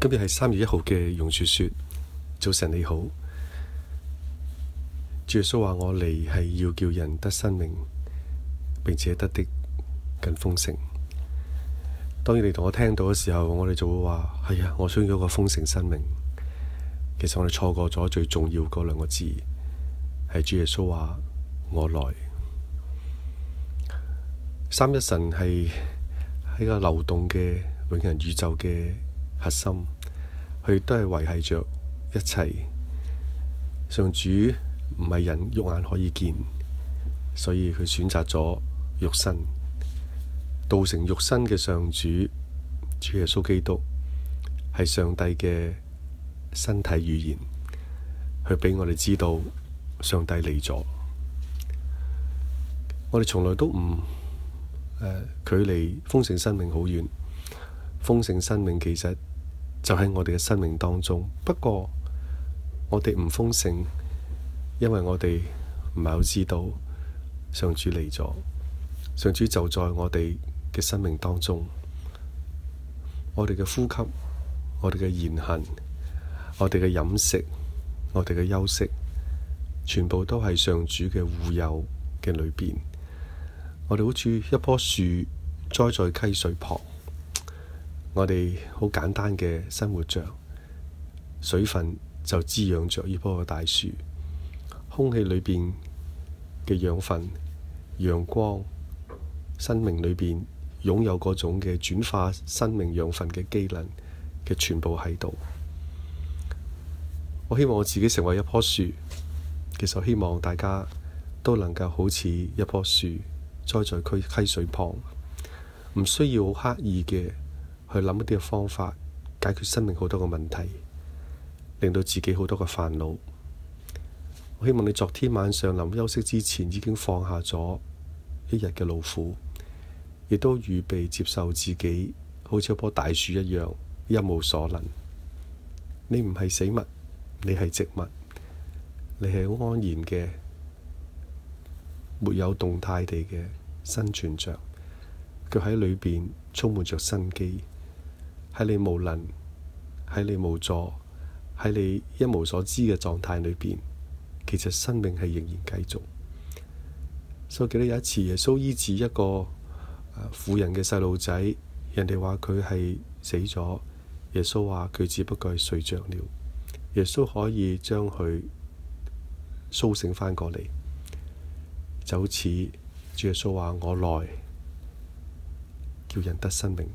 今日係三月一號嘅容雪雪，早晨你好。主耶穌話我嚟係要叫人得生命，並且得的更豐盛。當你哋同我聽到嘅時候，我哋就會話係啊，我想要個豐盛生命。其實我哋錯過咗最重要嗰兩個字，係主耶穌話我來。三一神係喺個流動嘅永恆宇宙嘅核心。佢都係維繫着一切。上主唔係人肉眼可以見，所以佢選擇咗肉身，道成肉身嘅上主主耶穌基督係上帝嘅身體語言，佢俾我哋知道上帝嚟咗。我哋從來都唔、呃、距離豐盛生命好遠，豐盛生命其實，就喺我哋嘅生命當中，不過我哋唔豐盛，因為我哋唔係好知道上主嚟咗，上主就在我哋嘅生命當中，我哋嘅呼吸，我哋嘅言行，我哋嘅飲食，我哋嘅休息，全部都係上主嘅護佑嘅裏邊，我哋好似一棵樹栽在溪水旁。我哋好簡單嘅生活着，水分就滋養着呢棵大樹。空氣裏邊嘅養分、陽光、生命裏邊擁有嗰種嘅轉化生命養分嘅機能嘅全部喺度。我希望我自己成為一棵樹。其實，我希望大家都能夠好似一棵樹栽在溪水旁，唔需要好刻意嘅。去諗一啲嘅方法解決生命好多個問題，令到自己好多個煩惱。我希望你昨天晚上臨休息之前已經放下咗一日嘅勞苦，亦都預備接受自己好似一棵大樹一樣一無所能。你唔係死物，你係植物，你係安然嘅，沒有動態地嘅生存着，佢喺裏邊充滿着生機。喺你無能，喺你無助，喺你一無所知嘅狀態裏邊，其實生命係仍然繼續。以、so, 記得有一次耶穌醫治一個婦人嘅細路仔，人哋話佢係死咗，耶穌話佢只不過係睡着了，耶穌可以將佢蘇醒翻過嚟，就好似耶穌話：我來叫人得生命。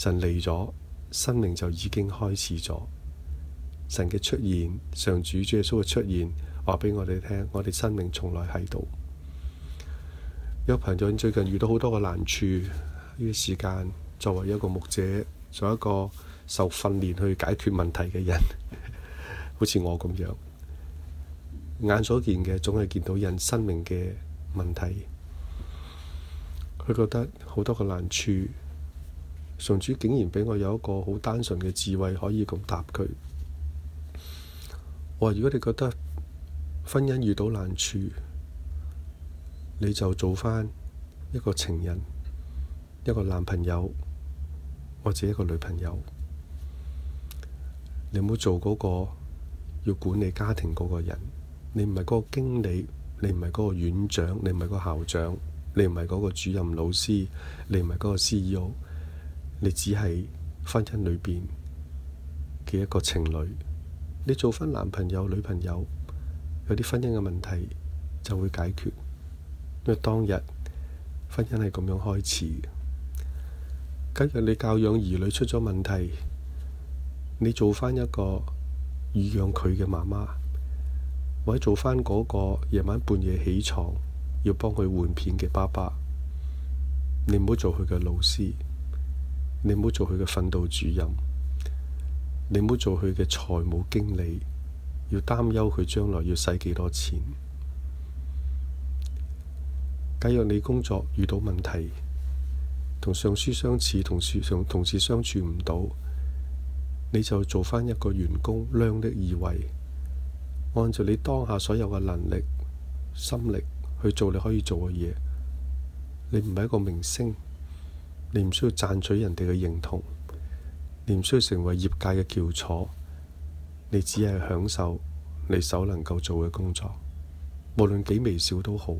神嚟咗，生命就已經開始咗。神嘅出現，上主耶穌嘅出現，話俾我哋聽，我哋生命從來喺度。朋友最近遇到好多個難處，呢個時間作為一個牧者，作為一個受訓練去解決問題嘅人，好 似我咁樣，眼所見嘅總係見到人生命嘅問題。佢覺得好多個難處。神主竟然俾我有一個好單純嘅智慧，可以咁答佢。我話如果你覺得婚姻遇到難處，你就做翻一個情人，一個男朋友或者一個女朋友。你唔好做嗰個要管理家庭嗰個人，你唔係嗰個經理，你唔係嗰個院長，你唔係嗰個校長，你唔係嗰個主任老師，你唔係嗰個 CEO。你只係婚姻裏邊嘅一個情侶，你做翻男朋友女朋友，有啲婚姻嘅問題就會解決。因為當日婚姻係咁樣開始嘅。今日你教養兒女出咗問題，你做翻一個餵養佢嘅媽媽，或者做翻嗰個夜晚半夜起床要幫佢換片嘅爸爸，你唔好做佢嘅老師。你唔好做佢嘅訓導主任，你唔好做佢嘅財務經理，要擔憂佢將來要使幾多錢。假若你工作遇到問題，同上司相似，同事同同事相處唔到，你就做翻一個員工，量力而為，按照你當下所有嘅能力、心力去做你可以做嘅嘢。你唔係一個明星。你唔需要賺取人哋嘅認同，你唔需要成為業界嘅翹楚，你只係享受你所能夠做嘅工作，無論幾微小都好，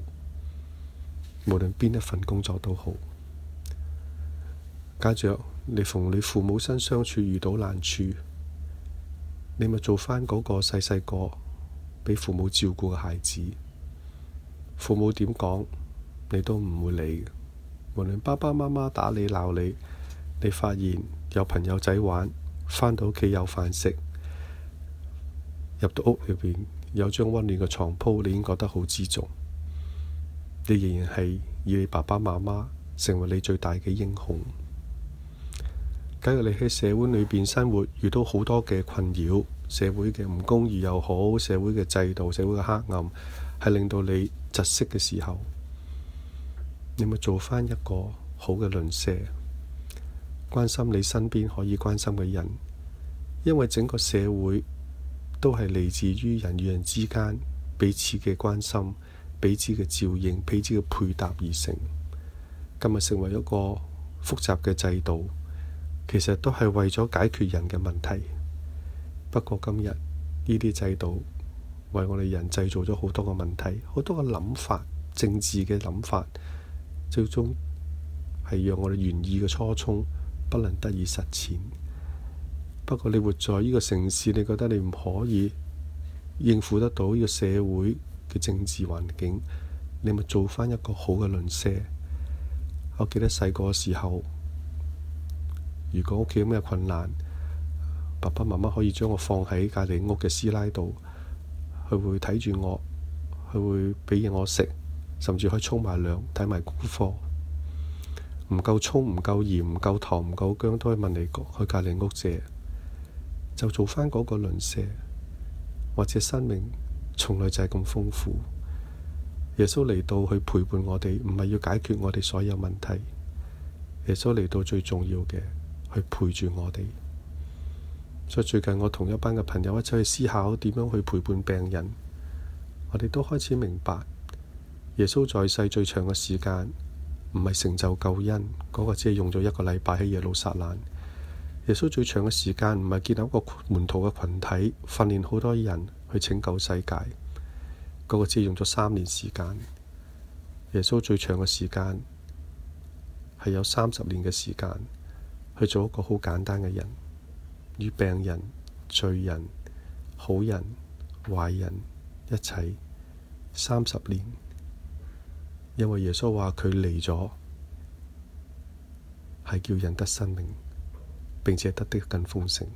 無論邊一份工作都好。加上你逢你父母身相處遇到難處，你咪做翻嗰個細細個俾父母照顧嘅孩子，父母點講你都唔會理。無論爸爸媽媽打你鬧你，你發現有朋友仔玩，返到屋企有飯食，入到屋裏邊有張溫暖嘅床鋪，你已經覺得好知足。你仍然係以你爸爸媽媽成為你最大嘅英雄。假如你喺社會裏邊生活，遇到好多嘅困擾，社會嘅唔公義又好，社會嘅制度、社會嘅黑暗，係令到你窒息嘅時候。你咪做翻一個好嘅鄰舍，關心你身邊可以關心嘅人，因為整個社會都係嚟自於人與人之間彼此嘅關心、彼此嘅照應、彼此嘅配搭而成。今日成為一個複雜嘅制度，其實都係為咗解決人嘅問題。不過今日呢啲制度為我哋人製造咗好多個問題，好多個諗法、政治嘅諗法。最終係讓我哋願意嘅初衷不能得以實踐。不過你活在呢個城市，你覺得你唔可以應付得到呢個社會嘅政治環境，你咪做翻一個好嘅鄰舍。我記得細個嘅時候，如果屋企有咩困難，爸爸媽媽可以將我放喺隔離屋嘅師奶度，佢會睇住我，佢會畀嘢我食。甚至可以沖埋涼、睇埋功課，唔夠蔥、唔夠鹽、唔夠糖、唔夠薑，都可以問你去隔離屋借，就做返嗰個鄰舍。或者生命從來就係咁豐富。耶穌嚟到去陪伴我哋，唔係要解決我哋所有問題。耶穌嚟到最重要嘅，去陪住我哋。所以最近我同一班嘅朋友一齊去思考點樣去陪伴病人，我哋都開始明白。耶穌在世最長嘅時間唔係成就救恩嗰個，只係用咗一個禮拜喺耶路撒冷。耶穌最長嘅時間唔係建立一個門徒嘅群體，訓練好多人去拯救世界嗰個，只係用咗三年時間。耶穌最長嘅時間係有三十年嘅時間去做一個好簡單嘅人，與病人、罪人、好人、壞人一齊三十年。因為耶穌話佢嚟咗係叫人得生命，並且得的更豐盛。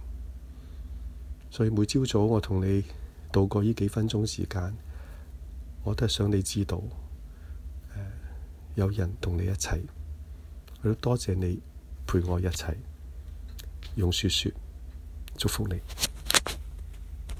所以每朝早我同你度過呢幾分鐘時間，我都係想你知道，呃，有人同你一齊，我都多謝你陪我一齊。用說說祝福你。